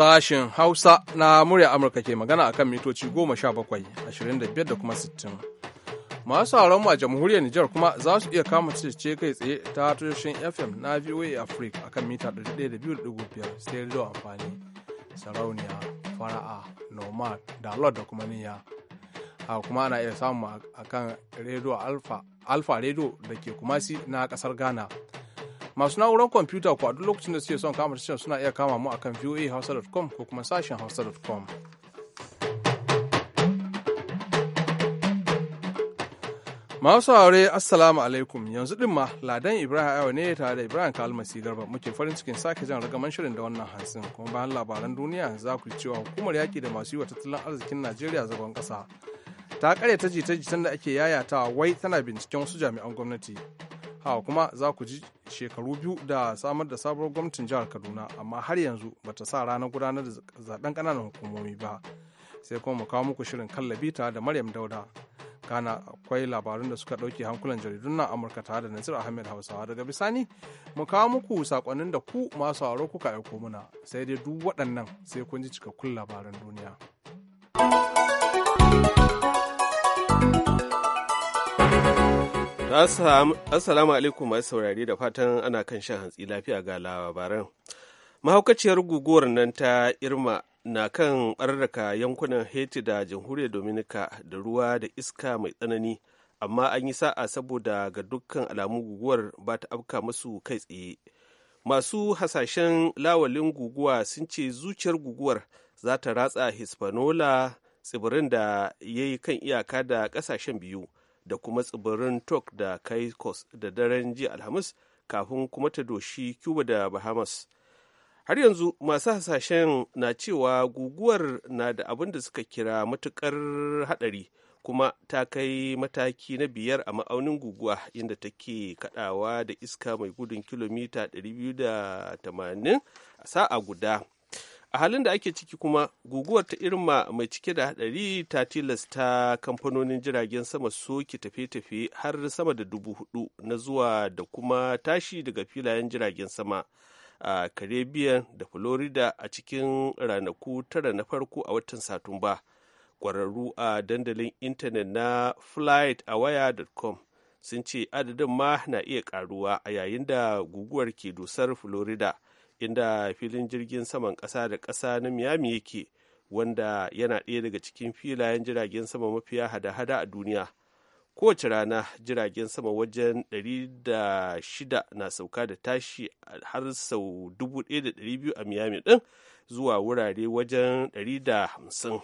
sashen Hausa na murya Amurka ke magana akan mitoci goma sha bakwai ashirin da biyar da kuma sittin Masu sauran a jamhuriyar Nijar kuma za su iya kama ce kai tsaye ta tushen FM na VOA Africa akan mita 102.5 sai da amfani sarauniya fara'a nomad da da kuma niyya a kuma ana iya samu akan rediyo alfa alfa rediyo da ke kumasi na kasar ghana masu na'urar kwamfuta ku a duk lokacin da suke son kama tashar suna iya kama mu akan voahausa.com ko kuma sashen hausa.com Masu saurare assalamu alaikum yanzu din ma ladan Ibrahim Ayo ne tare da Ibrahim Kalmasi Garba muke farin cikin sake jan ragaman shirin da wannan hansin kuma bayan labaran duniya za ku cewa hukumar yaƙi da masu yi wa tattalin arzikin Najeriya zagon kasa. ta kare ta jita-jitan da ake yayatawa wai tana binciken wasu jami'an gwamnati haka kuma za ku ji shekaru biyu da samar da sabuwar gwamnatin jihar kaduna amma har yanzu ba ta sa ranar gudanar da zaɓen ƙananan hukumomi ba sai kuma mu kawo muku shirin kallabi tare da maryam dauda kana akwai labarun da suka ɗauke hankulan jaridun na amurka tare da nasir ahmed hausawa daga bisani mu kawo muku sakonnin da ku masu sauraro kuka aiko muna sai dai duk waɗannan sai kun ji cikakkun labaran duniya. Assalamu alaikum masu saurari da fatan ana kan shan hantsi lafiya ga labaran. Mahaukaciyar guguwar nan ta Irma na kan ɓararraka yankunan Haiti da jamhuriyar Dominica da ruwa da iska mai tsanani, amma an yi sa'a saboda ga dukkan alamu guguwar ba ta afka masu kai tsaye. Masu hasashen lawalin guguwa sun ce zuciyar guguwar za ta ratsa Hispanola tsibirin da ya yi kan iyaka da ƙasashen biyu. da kuma tsibirin tok da caicos da daren jiya alhamis kafin kuma ta doshi cuba da bahamas har yanzu masu hasashen na cewa guguwar na da abin da suka kira matukar hadari kuma ta kai mataki na biyar a ma'aunin guguwa inda take kadawa da iska mai gudun kilomita 280 a sa'a guda a halin da ake ciki kuma guguwar ta irma mai cike da hadari ta tilasta kamfanonin jiragen sama soke tafe-tafe har sama da dubu hudu na zuwa da kuma tashi daga filayen jiragen sama a caribbean da florida a cikin ranaku tara na farko a watan satumba kwararru a dandalin intanet na flightawire.com sun ce adadin ma na iya karuwa a yayin da guguwar ke dusar florida inda filin jirgin saman ƙasa da ƙasa na miami yake wanda yana ɗaya daga cikin filayen jiragen sama mafiya hada-hada a duniya kowace rana jiragen sama wajen 106 na sauka da tashi har sau 1,200 a miami ɗin zuwa wurare wajen 150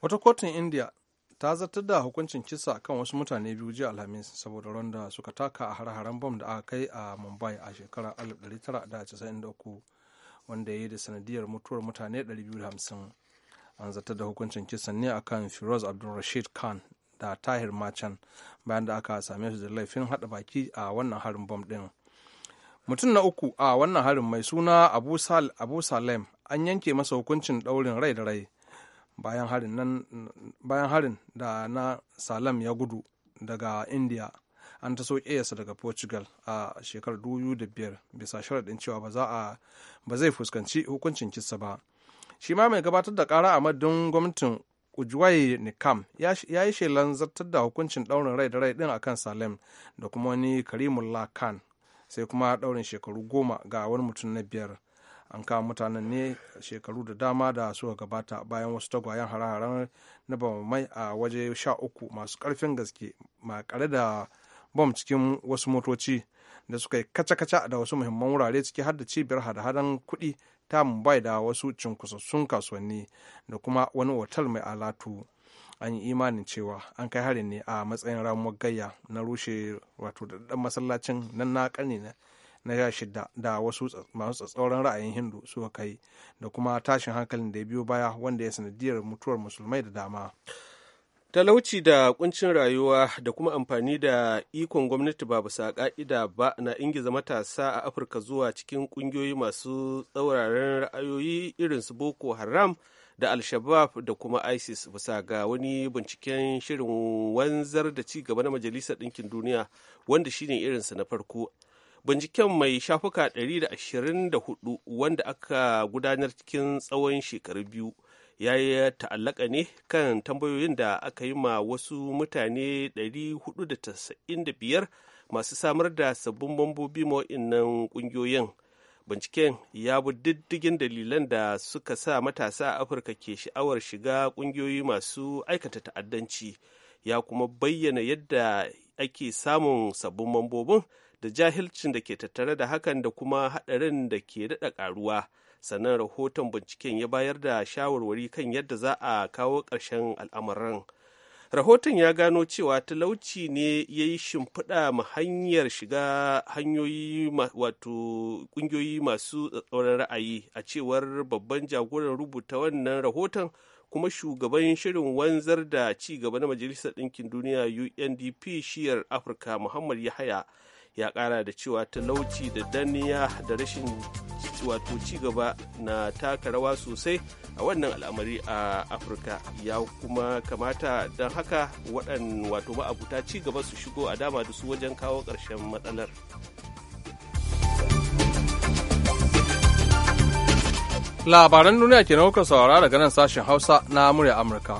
wata kotun india ta zartar da hukuncin kisa kan wasu mutane biyu jiya alhamis saboda ronda suka taka a har-haren bom da aka kai a mumbai a shekarar 1993 wanda ya yi da sanadiyar mutuwar mutane 250 an zartar da hukuncin kisan ne akan firoz abdulrashid khan da tahir machan bayan da aka same su da laifin hada baki a wannan harin bom din mutum na uku a wannan harin mai suna abu salem an yanke masa hukuncin daurin rai da rai bayan harin da na salam ya gudu daga india an ta yasa daga portugal a shekarar 2005 bisa sharaɗin cewa ba zai fuskanci hukuncin kisa ba shi ma mai gabatar da kara a madadin gwamnatin Ujwai Nikam ya yi shelan zartar da hukuncin daurin rai da rai ɗin akan Salem da kuma wani Karimullah Khan sai kuma daurin shekaru goma ga wani mutum na biyar an kama mutanen ne shekaru da dama da suka gabata bayan wasu tagwayen hare na bamamai a waje sha uku masu karfin gaske makare da bom cikin wasu motoci da suka yi kaca-kaca da wasu muhimman wurare ciki har da cibiyar hada-hadan kuɗi ta mumbai da wasu cunkusassun kasuwanni da kuma wani otal mai alatu an yi imanin cewa an kai harin ne a matsayin ramuwar gayya na rushe wato da masallacin nan na ƙarni na sha shida da wasu masu tsatsauran ra'ayin hindu suka kai da kuma tashin hankalin da ya biyo baya wanda ya sanadiyar mutuwar musulmai da dama talauci da kuncin rayuwa da kuma amfani da ikon gwamnati ba bisa ka'ida ba na ingiza matasa a afirka zuwa cikin kungiyoyi masu tsauraran ra'ayoyi irin su boko haram da alshabab da kuma isis bisa ga wani binciken shirin wanzar da ci gaba na majalisar ɗinkin duniya wanda shine irinsa na farko binciken mai shafuka 124 wanda aka gudanar cikin tsawon shekaru biyu ya yi ta'allaka ne kan tambayoyin da aka yi ma wasu mutane 495 masu samar da sabbin mambobi ma'o'innan ƙungiyoyin binciken ya bi diddigin dalilan da suka sa matasa a afirka ke sha'awar shiga ƙungiyoyi masu aikata ta'addanci ya kuma bayyana yadda ake samun sabbin mambobin da jahilcin da ke tattare da hakan da kuma haɗarin da ke daɗa ƙaruwa sannan rahoton binciken ya bayar da shawarwari kan yadda za a kawo ƙarshen al'amuran rahoton ya gano cewa talauci ne ya yi shimfiɗa ma hanyar shiga hanyoyi wato ƙungiyoyi masu tsatsauran ra'ayi a cewar babban jagoran rubuta wannan rahoton kuma shugaban shirin wanzar da ci gaba na majalisar ɗinkin duniya undp shiyar afirka muhammad yahaya ya kara da cewa talauci da daniya da rashin wato cigaba na taka rawa sosai a wannan al'amari a afirka ya kuma kamata don haka waɗan wato ma'abuta cigaba su shigo a dama da su wajen kawo ƙarshen matsalar labaran duniya ke kuka saurara daga nan sashen hausa na murya amurka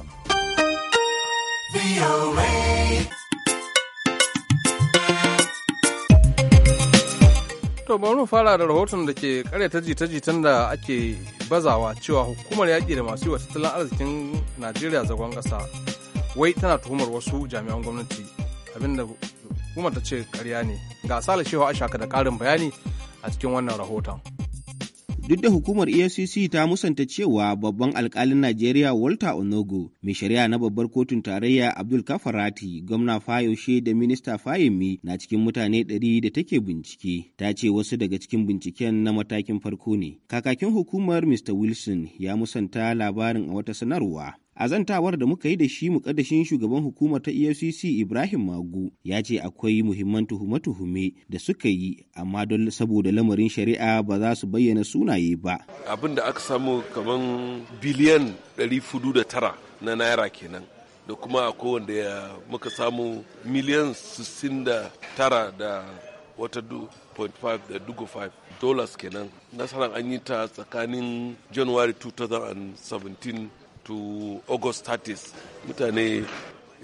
To bari mu fara da rahoton da ke karyata jita-jitan da ake bazawa cewa hukumar yaƙi da masu yi wa tattalin arzikin Najeriya zagon ƙasa wai tana tuhumar wasu jami'an gwamnati abinda hukumar ta ce karya ne. Ga Sale Shehu Ashaka da ƙarin bayani a cikin wannan rahoton. duk da hukumar efcc ta musanta cewa babban alkalin najeriya walter onogo mai shari'a na babbar kotun tarayya abdul kafarati gwamna fayoshe da minista fayemi na cikin mutane 100 da take bincike ta ce wasu daga cikin binciken na matakin farko ne kakakin hukumar mr wilson ya musanta labarin a wata sanarwa A zantawar da muka yi da shi mukaddashin shugaban hukumar ta EFCC Ibrahim Magu ya ce akwai muhimman tuhume-tuhume da suka yi amma don saboda lamarin shari'a ba za su bayyana sunaye ba. Abin da aka samu kamar biliyan 409 na naira kenan da kuma a kowanda ya muka samu miliyan 69 da wata 2.5 da dollars kenan nasarar an yi ta tsakanin january 2017 to august 30 mutane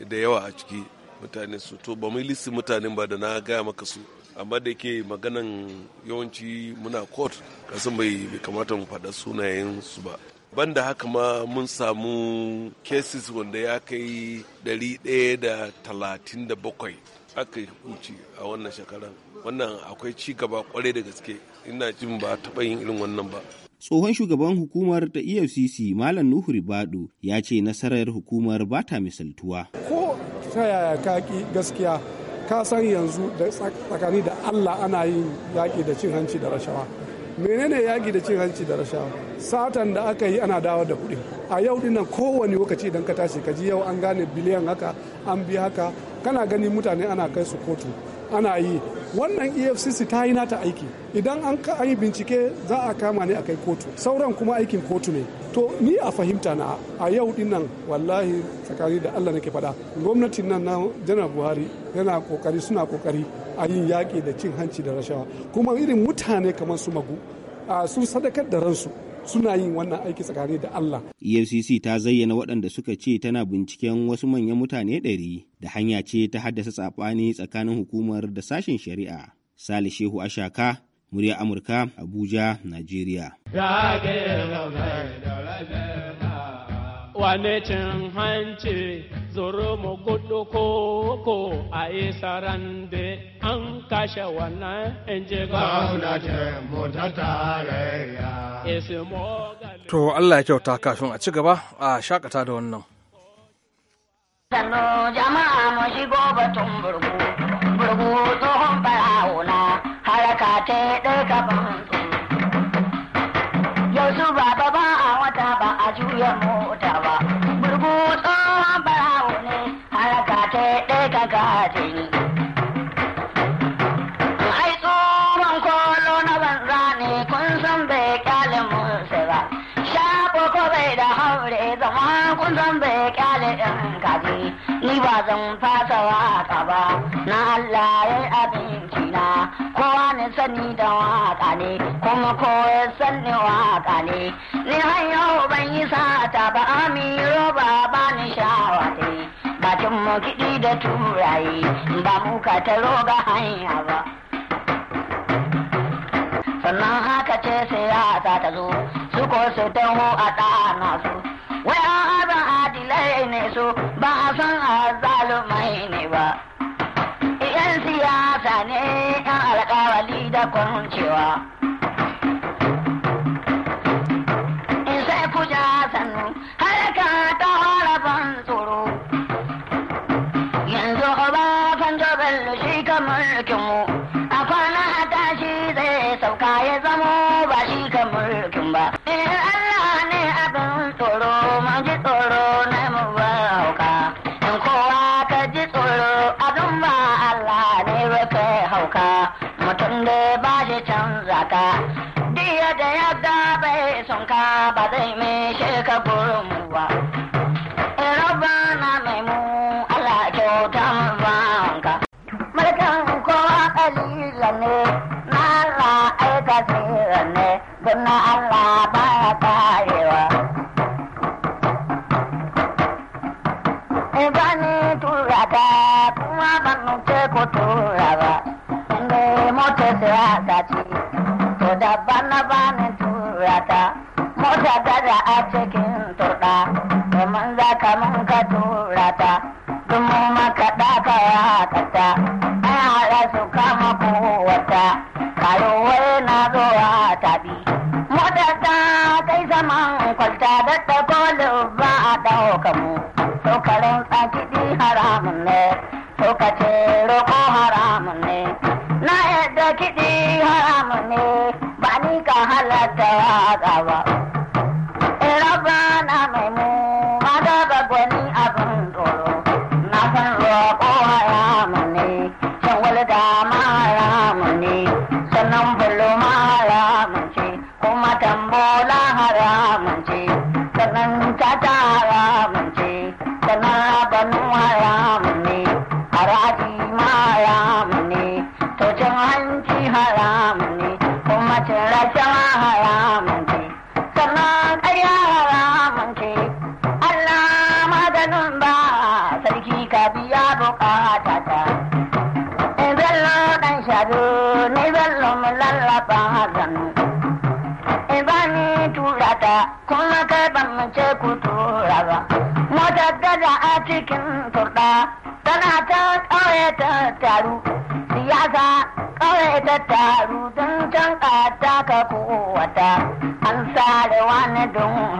da yawa a ciki mutane su to ba mu lissi mutanen ba da na gaya maka su amma da yake maganan yawanci muna court kasan bai kamata mu faɗa sunayen su ba banda haka ma mun samu cases wanda ya kai 137 aka hukunci a wannan shekaran wannan akwai ci gaba kwarai da gaske ina jin ba taɓa yin irin wannan ba Tsohon shugaban hukumar ta EFCC Malam Nuhu Ribadu ya ce nasarar hukumar ba ta misaltuwa. Ko ta yaya kaki gaskiya ka san yanzu da tsakani da Allah ana yin yaƙi da cin hanci da rashawa. menene yaki da cin hanci da rashawa satan da aka yi ana dawo da kuɗi a yau dinnan kowane lokaci idan ka tashi ka ji yau an gane biliyan haka an bi haka kana gani mutane ana kai su kotu ana yi wannan efcc ta yi nata aiki idan an yi bincike za a kama ne a kai kotu sauran kuma aikin kotu ne to ni a fahimta na a yau din nan wallahi tsakani da allah nake faɗa gwamnatin nan na janar buhari yana kokari suna kokari a yin yaƙi da cin hanci da rashawa kuma irin mutane kamar su magu sun sadakar da ransu suna yin wannan aiki tsakani da Allah. EFCC ta zayyana waɗanda suka ce tana binciken wasu manyan mutane ɗari da hanya ce ta haddasa tsafani tsakanin hukumar da sashen shari'a. Sale Shehu Ashaka, murya Amurka, Abuja, Najeriya. wane cin hanci zuru mu gudu koko a isaran da an kashe wannan in ji gwamnatin mu ta tarayya. To Allah ya kyauta kafin a ci gaba a shakata da wannan. Sannu jama'a mu shigo batun burgu, burgu tsohon farawo na ɗaya gaban sani da waka ne kuma ko ya sani waka ne ni har ban yi sata ba amiro ba ba ni shawa ne bakin mu kiɗi da turaye ba mu ka ta roga hanya ba sannan haka ce sai ya ta zo su ko su taho a ɗana su wai an adilai ne su ba a san azalumai ne 你打光棍去啊！karena Allah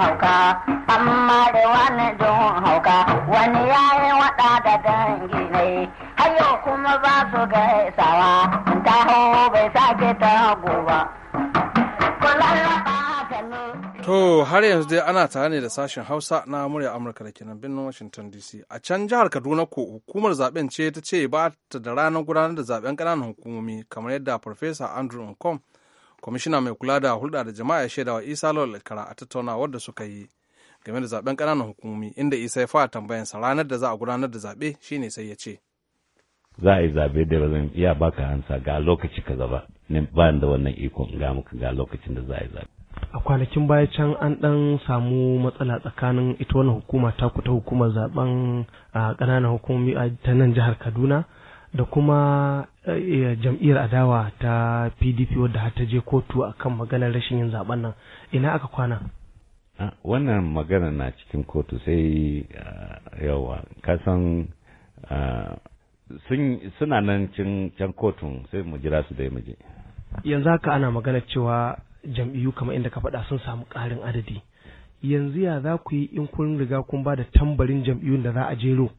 hauka amma da wani don hauka wani yi wada da dangi ne hayo kuma ba su gaisawa taho bai sake ta ba To har yanzu dai ana tare ne da sashen Hausa na murya Amurka da kenan birnin Washington DC. A can jihar Kaduna ko hukumar zaben ce ta ce ba ta da ranar gudanar da zaben ƙananan hukumomi kamar yadda Farfesa Andrew Nkom kwamishina mai kula da hulɗa da jama'a ya wa isa lawal alkara a tattaunawar da suka yi game da zaben ƙananan hukumomi inda isa ya fara tambayansa ranar da za a gudanar da zaɓe shine sai ya ce za a yi zabe da ba zan iya baka hansa ga lokaci kaza ba ne ba da wannan iko ga muka ga lokacin da za a yi zabe a kwanakin baya can an ɗan samu matsala tsakanin ita wani hukuma ta kuta hukumar zaben a ƙananan hukumomi ta nan jihar Kaduna da kuma eh, eh, jam'iyyar adawa ta pdp wadda ta je kotu a kan maganar rashin yin zaben nan ina aka kwana wannan magana na cikin kotu sai yawa kasan suna nan can kotun sai mu jira su dai muje yanzu haka ana magana cewa jam'iyyu kamar inda ka faɗa sun samu ƙarin adadi yanzu ya za ku yi in kun riga kun ba da tambarin jam'iyyun da za a jero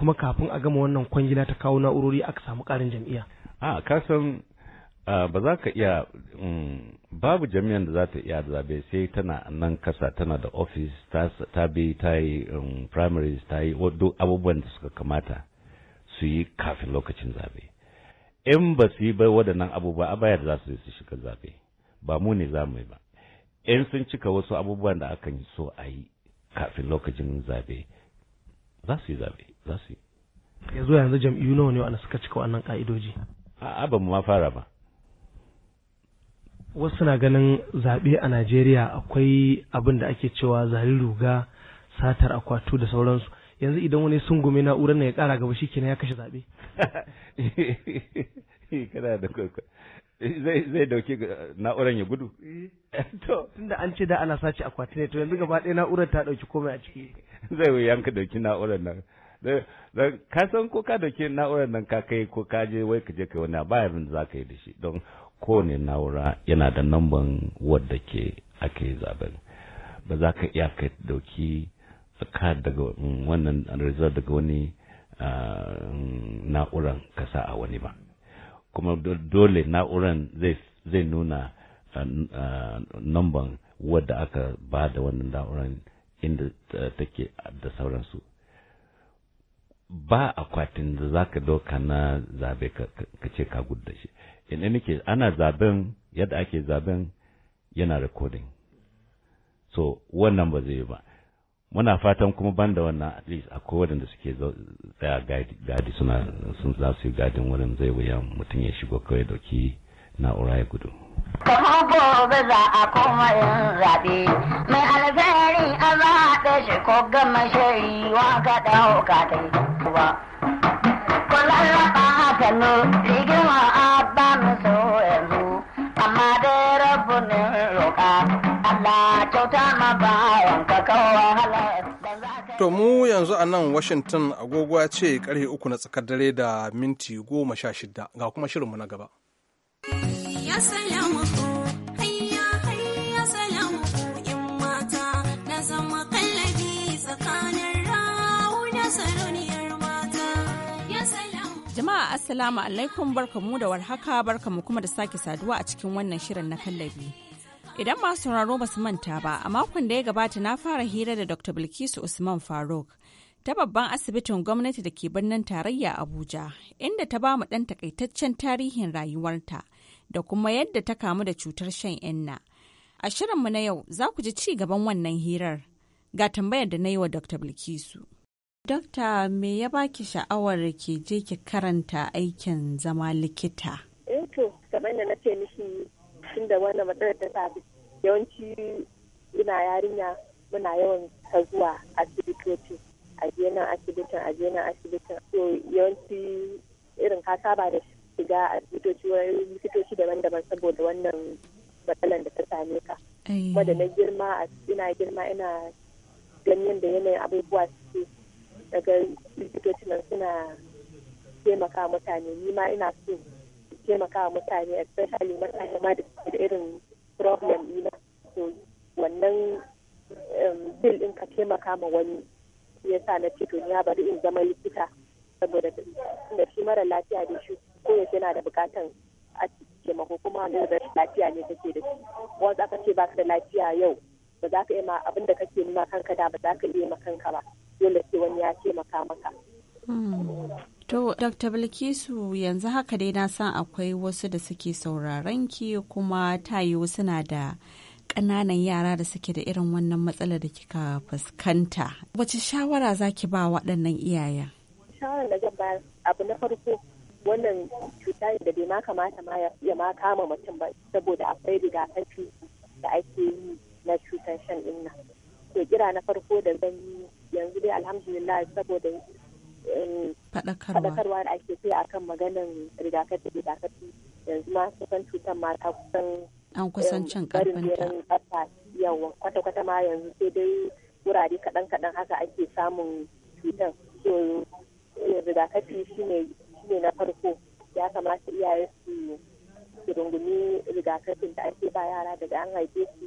kuma kafin a gama wannan kwangila ta kawo na'urori aka samu karin jam'iyya a ka san ba za ka iya mm, babu jami'an da za ta iya zabe sai tana nan kasa tana da ofis ta bi ta yi mm, primaries ta yi abubuwan da suka kamata su yi kafin lokacin zabe in ba su yi bai waɗannan abubuwa a baya za su yi su shiga zabe ba mu ne za mu yi ba in sun cika wasu abubuwan da akan so a yi kafin lokacin zabe za su yi zabe za su yi ya yanzu jam'iyyu nawa ne wa'anda suka cika wannan ka'idoji a'a ba mu ma fara ba wasu na ganin zaɓe a najeriya akwai abin da ake cewa zari ruga satar akwatu da sauransu yanzu idan wani sun gume na'urar na ya ƙara gaba shi kenan ya kashe zaɓe kana da zai dauki na'urar ya gudu eh, to tunda an ce da ana sace akwati ne to yanzu gaba ɗaya na'urar ta ɗauki komai a ciki zai yanka dauki na'urar nan da ka san ko ka da ke na'urar nan ka kai ko ka je wai ka je kai wani ba abin da za ka yi da shi don kowane na'ura yana da namban wadda ke ake zaben ba za ka iya ka dauki ka daga mm, wannan result daga wani ah, mm, na'uran ka sa a wani ba kuma dole na'uran zai nuna ah, ah, namban wadda aka ba da wannan na'uran inda take da sauransu ba akwatin da za ka doka na zabe ka ce ka gudu da shi in nake ana zaben yadda ake zaben yana recording so wannan ba zai yi ba muna fatan kuma ban da wannan at least akwai waɗanda suke tsaya gadi suna sun za su yi gadin wurin zai wuya mutum ya shigo kawai dauki na'ura ya gudu. Kuma gobe za a koma yin zaɓe mai alfahari Allah da shi ko gama shiri wa ka dawo ka ta yi ba. Kwallon haka no rigin wa mu so yanzu amma rabu ne roƙa Allah kyauta ma bayan ka kawo To mu yanzu a nan Washington agogo ce karfe uku na tsakar dare da minti goma sha shida ga kuma shirinmu na gaba. Ya Jama'a Assalamu alaikum barkamu da warhaka barkamu kuma da sake saduwa a cikin wannan shirin na kallabi. Idan masu sauraro ba su manta ba, a makon da ya gabata na fara hira da Dr. Bilkisu Usman Faruk ta babban asibitin gwamnati da ke birnin tarayya Abuja, inda ta ba mu ɗan takaitaccen tarihin rayuwarta da kuma yadda ta kamu da cutar shan inna. A shirinmu na yau za ku ji ci gaban wannan hirar ga tambayar da na yi wa Dr. Bilkisu. Dokta me ya baki sha'awar ke je ki karanta aikin zama likita? Eh to, kamar da na ce miki da wannan matsalar ta sabi yawanci ina yarinya muna yawan ta zuwa asibitoci a nan asibitin a nan asibitin to yawanci irin ka saba da shiga asibitoci wani likitoci daban-daban saboda wannan matsalar da ta same ka. Eh. Kuma da na girma ina girma ina ganin da yanayin abubuwa suke daga likitoci nan suna taimaka mutane ni ma ina so taimaka mutane especially mutane ma da irin problem ina so wannan um, bil din ka taimaka ma wani ya sa na ce ni bari in zama likita saboda da shi mara lafiya da shi ko yaushe yana da bukatan a taimako kuma da lafiya ne kake da shi wanda aka ce baka da lafiya yau ba za ka iya ma abin da kake nuna kanka da ba za ka iya ma kanka ba dole sai wani ya taimaka maka. Hmm. To, Dr. Bilkisu yanzu haka dai na san akwai wasu da suke sauraron ki kuma tayo suna da ƙananan yara da suke da irin wannan matsalar da kika fuskanta. Wace shawara za ki ba waɗannan iyayen? Shawara da zan bayar abu na farko wannan cuta da bai ma kamata ma ya ma kama mutum ba saboda akwai rigakafi da ake yi na cutar shan inna. To kira na farko da zan yi yanzu dai alhamdulillah saboda eh, faɗakarwa da ake a akan maganin rigakafi rigakafi yanzu ma kusan cutar ma ta kusan an kusan eh, cin ta yawa kwata-kwata ma yanzu sai dai wurare kaɗan-kaɗan haka ake samun cutar so eh, rigakafi shi ne na farko ya kamata iyaye su su rungumi rigakafin da ake ba yara daga an haife su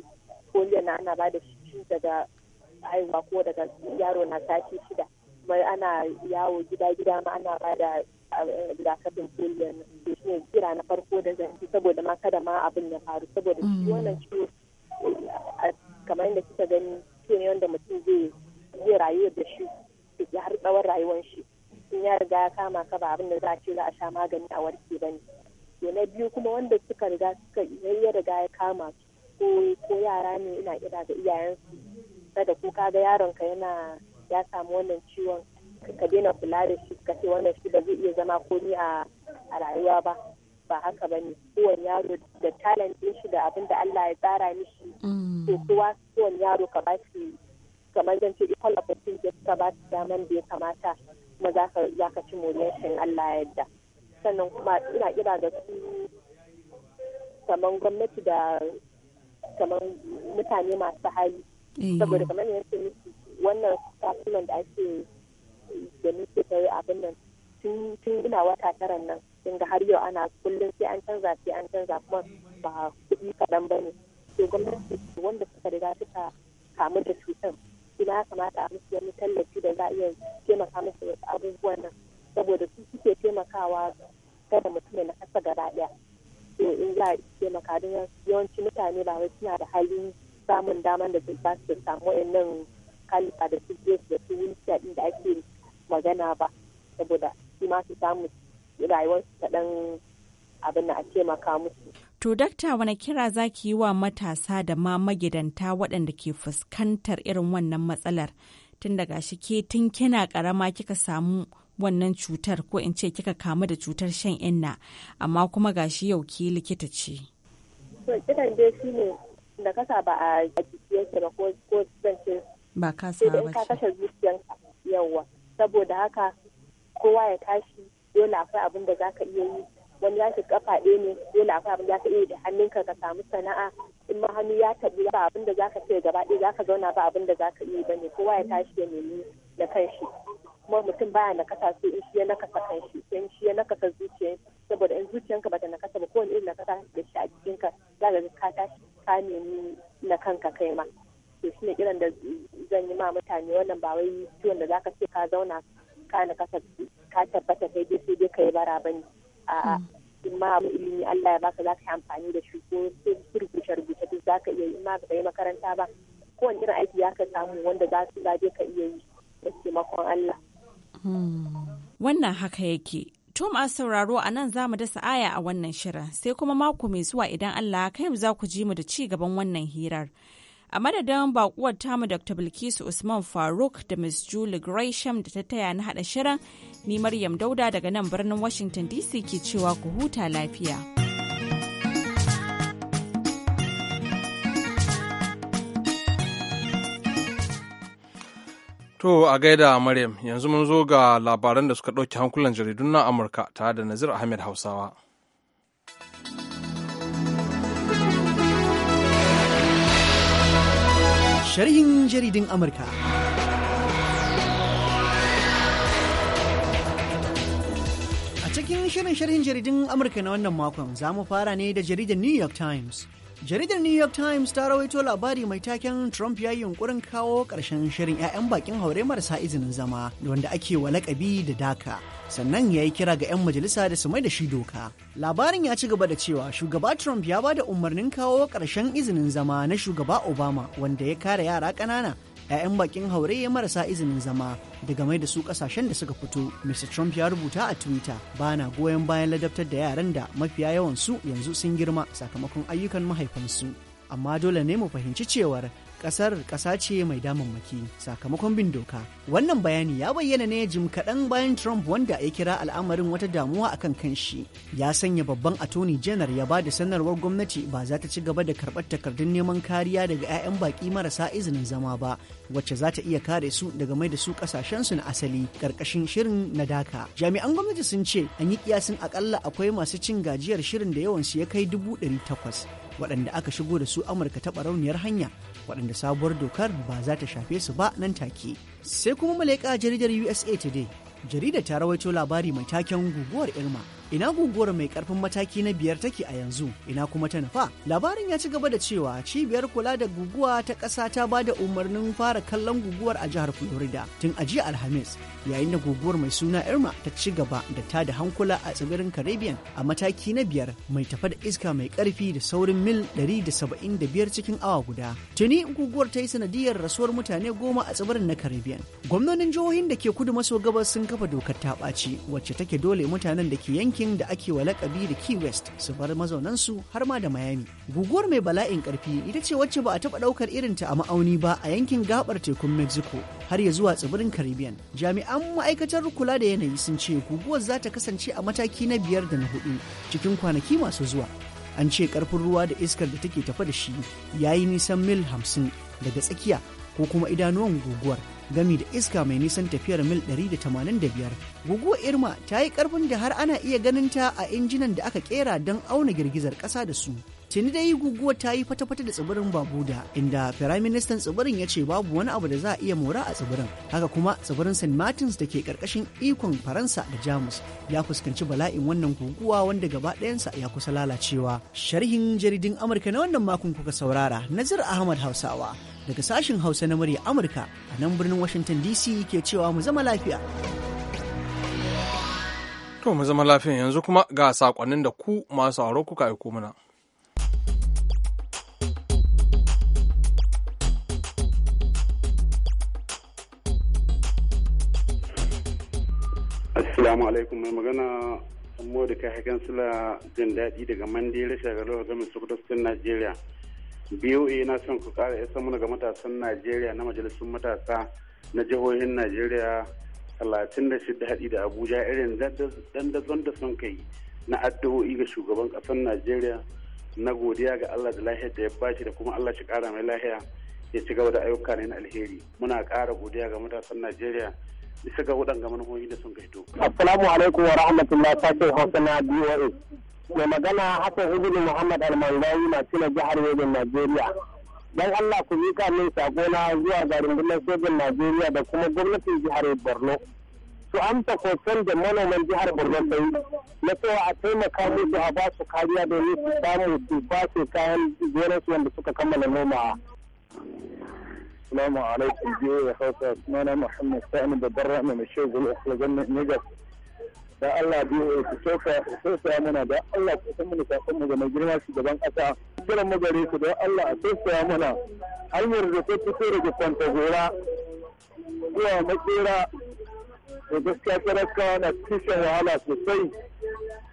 ko na ana ba da shi daga haihuwa ko daga yaro na sati shida kuma ana yawo gida gida ma ana ba da eh, rigakafin polio shi ne kira na farko da zanci saboda ma kada ma abin ya faru saboda mm. wannan ciwo eh, kamar yadda kika gani ciwo ne wanda mutum zai zai rayu da shi har tsawon rayuwar shi in ya riga ya kama ka ba abin da za a ce za a sha magani a warke ba ne to na biyu kuma wanda suka riga suka ya riga ya kama su ko yara ne ina kira ga iyayensu kada da kaga yaron ka yana ya samu wannan ciwon ka daina kula da shi ka ce wannan shi ba zai iya zama komi a a rayuwa ba ba haka ba ne kowane yaro da talent shi da abin da Allah ya tsara mishi mm. to kowa kowane yaro ka ba shi kamar zan ce equal opportunity ka ba shi daman da ya kamata kuma za ka ci moriyar Allah ya yadda sannan kuma ina kira da su kamar gwamnati da kamar mutane masu hali Eh. saboda kamar yadda miki wannan kasuwan da ake da ta yi abin nan tun ina wata tara nan tun ga har yau ana kullum sai an canza sai an canza kuma ba kuɗi kaɗan ba ne to gwamnati wanda suka riga suka kamu da cutar ina kamata a musu wani tallafi da za a iya taimaka musu wasu abubuwan nan saboda su suke taimakawa kada mutum na nakasa gaba ɗaya to in za a taimaka don yawanci mutane ba wai suna da halin samun daman da ba su samu wayannan kalifa da su da su wuce din da ake magana ba saboda shi ma su samu rayuwarsu ta dan abin da a taimaka musu. To dakta wani kira za ki yi wa matasa da ma magidanta waɗanda ke fuskantar irin wannan matsalar tun daga shi ke tun kina karama kika samu wannan cutar ko in ce kika kamu da cutar shan inna amma kuma gashi yau ki likita ce. kiran dai shi da kasa ba a jiki yake ba ko ko zan ce ba ka sa ba ka kashe zuciyarka yawa saboda haka kowa ya tashi dole akwai abin da zaka iya yi wani ya shiga kafa ɗaya ne dole akwai abin da zaka iya yi da hannunka ka samu sana'a in ma hannu ya tabi ba abin da zaka ce gaba ɗaya zaka zauna ba abin da zaka iya bane kowa ya tashi ya nemi da kanshi kuma mutum baya kasa sai in shi ya nakasa kanshi sai in shi ya nakasa zuciyarsa saboda in zuciyarka bata nakasa ba kowane irin nakasa da shi a jikinka za ka ka tashi ka nemi na kanka kai ma to shi ne kiran da zan yi ma mutane wannan ba wai ciwon da zaka ce ka zauna ka na kasa ka tabbata kai dai sai dai kai bara bane a'a mm. in ma abu ilimi Allah ya baka zaka yi amfani da shi ko sai rubuce rubuce duk zaka iya yi ma ba makaranta ba kowane irin aiki ya ka samu wanda za su ka iya yi da taimakon Allah. Mm. Wannan haka yake tum an sauraro a nan za mu dasa aya a wannan shirin sai kuma mako mai zuwa idan Allah kai mu za ku ji mu da ci gaban wannan hirar. A madadin bakuwar tamu Dr. Bilkisu Usman Faruk da Ms. Julie Gresham da ta taya na haɗa shirin, ni Maryam Dauda daga nan birnin Washington DC ke cewa ku huta lafiya. To a gaida Maryam yanzu mun zo ga labaran da suka ɗauki hankulan jaridun na Amurka tare da Nazir Ahmed Hausawa. Sharhin jaridin Amurka. A cikin shirin sharhin jaridun Amurka na wannan makon za mu fara ne da jaridar New York Times. Jaridar New York Times ta rawaito labari mai taken Trump ya yi yunkurin kawo ƙarshen shirin 'ya'yan bakin haure marasa izinin zama wanda ake wa lakabi da daka. Sannan ya yi kira ga 'yan majalisa da su mai da shi doka. Labarin ya ci gaba da cewa shugaba Trump ya ba da umarnin kawo ƙarshen izinin zama na shugaba Obama wanda ya kare yara ƙanana 'ya'yan bakin haure marasa izinin zama daga mai da su kasashen da suka fito. Mr. Trump ya rubuta a Twitter ba na goyon bayan ladabtar da yaran da mafiya yawan su yanzu sun girma sakamakon ayyukan mahaifansu. Amma dole ne mu fahimci cewar kasar kasa ce mai damammaki sakamakon bin doka wannan bayani ya bayyana ne jim kaɗan bayan trump wanda ya kira al'amarin wata damuwa akan kanshi ya sanya babban atoni janar ya ba da sanarwar gwamnati ba za ta ci gaba da karɓar takardun neman kariya daga 'ya'yan baƙi marasa izinin zama ba wacce za ta iya kare su daga mai da su kasashensu na asali ƙarƙashin shirin na daka jami'an gwamnati sun ce an yi kiyasin akalla akwai masu cin gajiyar shirin da yawansu ya kai dubu ɗari takwas waɗanda aka shigo da su amurka ta ɓarauniyar hanya waɗanda sabuwar dokar ba za ta shafe su ba nan take sai kuma malaika jaridar usa today jarida ta rawaito labari mai taken guguwar ilma. ina guguwar mai karfin mataki na biyar take a yanzu ina kuma ta nufa labarin ya ci gaba da cewa cibiyar kula da guguwa ta ƙasa ta ba da umarnin fara kallon guguwar a jihar florida tun a jiya alhamis yayin da guguwar mai suna irma ta ci gaba da ta da hankula a tsibirin caribbean a mataki na biyar mai tafa da iska mai karfi da saurin mil 175 cikin awa guda tuni guguwar ta yi sanadiyar rasuwar mutane goma a tsibirin na caribbean gwamnonin jihohin da ke kudu maso gabas sun kafa dokar ta ɓaci wacce take dole mutanen da ke yanke yankin da ake wa lakabi da Key West su bar mazaunansu har ma da Miami. Guguwar mai bala'in karfi ita ce wacce ba a taɓa ɗaukar ta a ma'auni ba a yankin gabar tekun Mexico har ya zuwa tsibirin Caribbean. Jami'an ma'aikatar kula da yanayi sun ce guguwar za ta kasance a mataki na biyar da na hudu cikin kwanaki masu zuwa. An ce karfin ruwa da iskar da take tafa da shi ya yi nisan mil hamsin daga tsakiya ko kuma idanuwan guguwar. gami da iska mai nisan tafiyar mil 185 guguwar irma ta yi karfin da har ana iya ganin ta a injinan da aka kera don auna girgizar ƙasa da su Tuni dai guguwar ta yi fata-fata da tsibirin Babuda inda firaministan tsibirin ya ce babu wani abu da za a iya mora a tsibirin. Haka kuma tsibirin St. Martins da ke karkashin ikon Faransa da Jamus ya fuskanci bala'in wannan guguwa wanda gaba ɗayansa ya kusa lalacewa. Sharhin jaridin Amurka na wannan makon kuka saurara Nazir Ahmad Hausawa daga sashin Hausa na murya Amurka a nan birnin Washington DC ke cewa mu zama lafiya. To mu zama lafiya yanzu kuma ga sakonnin da ku masu sauro kuka aiko mana. Assalamu alaikum mai magana Sammo da kai hakan sula jin daɗi daga Mandela shagarar game Sokotosin Najeriya. BOA na son ku ƙara isa mana ga matasan Najeriya na majalisun matasa na jihohin Najeriya talatin da shida haɗi da Abuja irin dandazon da sun kai na addu'o'i ga shugaban ƙasar Najeriya na godiya ga Allah da lahiya da ya bashi da kuma Allah shi kara mai lahiya ya ci gaba da ayyuka ne na alheri. Muna kara godiya ga matasan Najeriya bisa ga waɗanga da sun hito. Assalamu alaikum wa rahmatullahi sashen Hausa na BOA. Mai magana Hassan Hudu Muhammad Almangayi na cina jihar Yobin Najeriya. Dan Allah ku yi min na zuwa ga rundunar sojin Najeriya da kuma gwamnatin jihar Borno. Su ta koken da manoman jihar Borno ta yi na cewa a taimaka musu a ba su kariya domin su samu su ba su kayan gonarsu wanda suka kammala nomawa. Assalamu alaikum biyu ya hausa sunana Muhammad Sani babban rami mai shegulu a Kulagannin Nigas. Da Allah biyu ya ku da Allah ku san mana sakon mu ga mai girma shugaban ƙasa. Kiran mu da Allah a sosa mana hanyar da ta fito daga Kwantagora zuwa Makera da gaskiya talakawa na cikin wahala sosai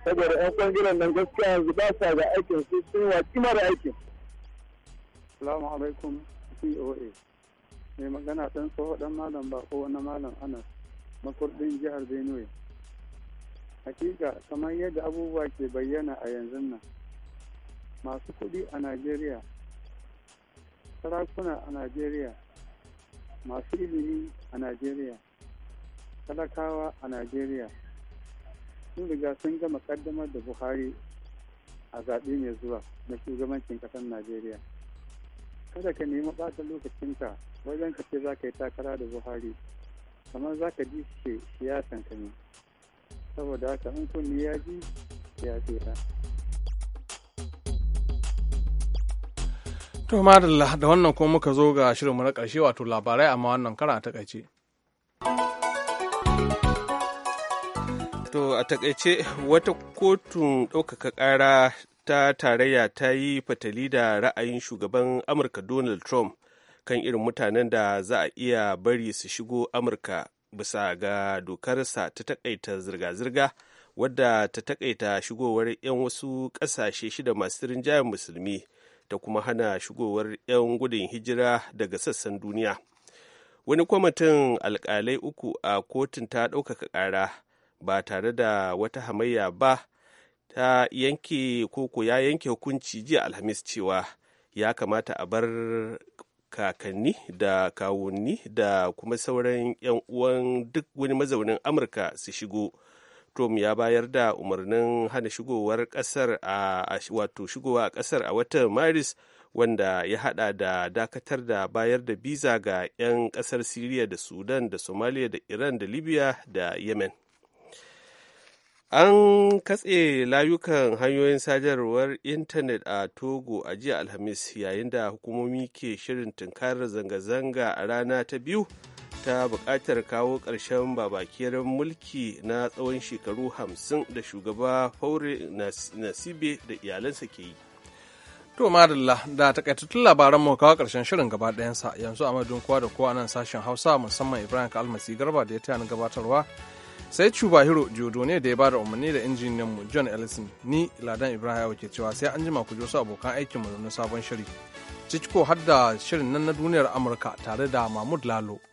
saboda 'yan kwangilan nan gaskiya yanzu ba sa da aikin su sun watsi mara aikin. Salamu alaikum. COA. mai magana ɗan tsoho ɗan malam ko wani malam anas makurɗin jihar benue hakika kamar yadda abubuwa ke bayyana a yanzu nan masu kuɗi a najeriya sarakuna a najeriya masu ilimi a najeriya talakawa a najeriya sun riga sun gama ƙaddamar da buhari a zaɓe mai zuwa na shugabancin ƙasar najeriya kada ka nemi ɓata lokacinka wajen ka ce za ka yi takara da buhari kamar za ka ji ce siyasan ka ne saboda haka in kunni ya ji ya tsira to madalla da wannan kuma muka zo ga shirinmu na ƙarshe wato labarai amma wannan kara a takaice To a takaice wata kotun ɗaukaka ƙara ta tarayya ta yi fatali da ra'ayin shugaban Amurka Donald Trump kan irin mutanen da za a iya bari su shigo amurka bisa ga dokarsa ta takaita zirga-zirga wadda ta takaita shigowar 'yan wasu ƙasashe shida masu rinjayen musulmi ta kuma hana shigowar 'yan gudun hijira daga sassan duniya wani kwamitin alkalai uku a kotun ta ɗaukaka ƙara ba tare da wata hamayya ba ta yanke koko ya yanke hukunci jiya alhamis cewa ya kamata a bar kakanni da kawunni da kuma sauran 'yan uwan duk wani mazaunin amurka su shigo trump ya bayar da umarnin hana shigowar kasar a wato shigowa a kasar a watan maris wanda ya hada da dakatar da bayar da biza ga 'yan kasar siriya da sudan da somalia da iran da libya da yemen An katse layukan hanyoyin sadarwar intanet a Togo a jiya Alhamis yayin da hukumomi ke shirin tunkarar zanga-zanga a rana ta biyu ta buƙatar kawo ƙarshen babakiyar mulki na tsawon shekaru hamsin da shugaba Faure Nasibe da iyalansa ke yi. To madalla da takaitattun labaran mu kawo ƙarshen shirin gaba ɗayansa yanzu a madun kowa da kowa nan sashen Hausa musamman Ibrahim Kalmasi Garba da ya tayani gabatarwa sai Chubahiro Jodo ne da ya bada umarni da injiniyan mu John Ellison ni Ladan Ibrahim ke cewa sai an jima ku ji wasu abokan aikinmu mu na sabon shiri. cikin ko har shirin nan na duniyar Amurka tare da Mahmud Lalo.